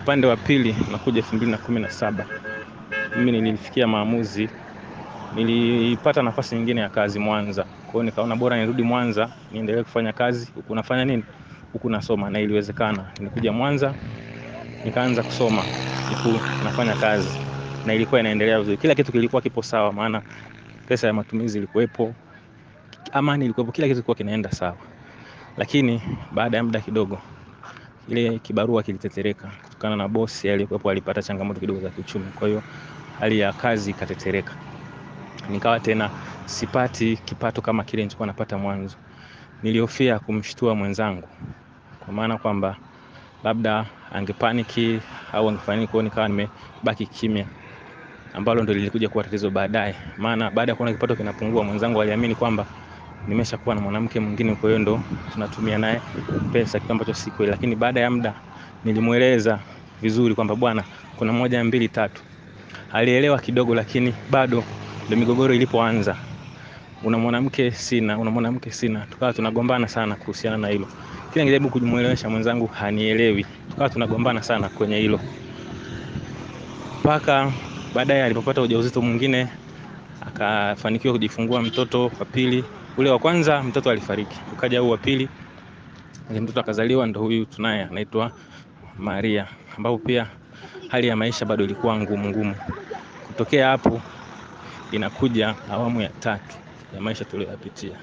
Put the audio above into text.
upande wa pili nakuja 2017 mimi nilifikia maamuzi nilipata nafasi nyingine ya kazi Mwanza. Kwa hiyo nikaona bora nirudi Mwanza, niendelee kufanya kazi huku nafanya nini? Huku nasoma na iliwezekana. Nilikuja Mwanza nikaanza kusoma huku nafanya kazi na ilikuwa inaendelea vizuri. Kila kitu kilikuwa kipo sawa maana pesa ya matumizi ilikuwepo, amani ilikuwepo, kila kitu kilikuwa kinaenda sawa. Lakini baada ya muda kidogo ile kibarua kilitetereka kutokana na bosi aliyekuwepo alipata changamoto kidogo za kiuchumi, kwa hiyo hali ya kazi ikatetereka, nikawa tena sipati kipato kama kile nilichokuwa napata mwanzo. Nilihofia kumshtua mwenzangu, kwa maana kwamba labda angepaniki au angefanya kwao, nikawa nimebaki kimya, ambalo ndo lilikuja kuwa tatizo baadaye. Maana baada ya kuona kipato kinapungua, mwenzangu aliamini kwamba nimeshakuwa na mwanamke mwingine, kwa hiyo ndo tunatumia naye pesa, kitu ambacho si kweli. Lakini baada ya muda nilimweleza vizuri kwamba bwana, kuna moja mbili tatu. Alielewa kidogo, lakini bado ndio migogoro ilipoanza. Una mwanamke sina, una mwanamke sina. Tukawa tunagombana sana kuhusiana na hilo. Kila nijaribu kumuelewesha mwenzangu hanielewi, tukawa tunagombana sana kwenye hilo, mpaka baadaye alipopata ujauzito mwingine akafanikiwa kujifungua mtoto wa pili. Ule wa kwanza mtoto alifariki, ukaja huu wa pili, mtoto akazaliwa, ndo huyu tunaye anaitwa Maria, ambapo pia hali ya maisha bado ilikuwa ngumu ngumu. Kutokea hapo inakuja awamu ya tatu ya maisha tuliyopitia.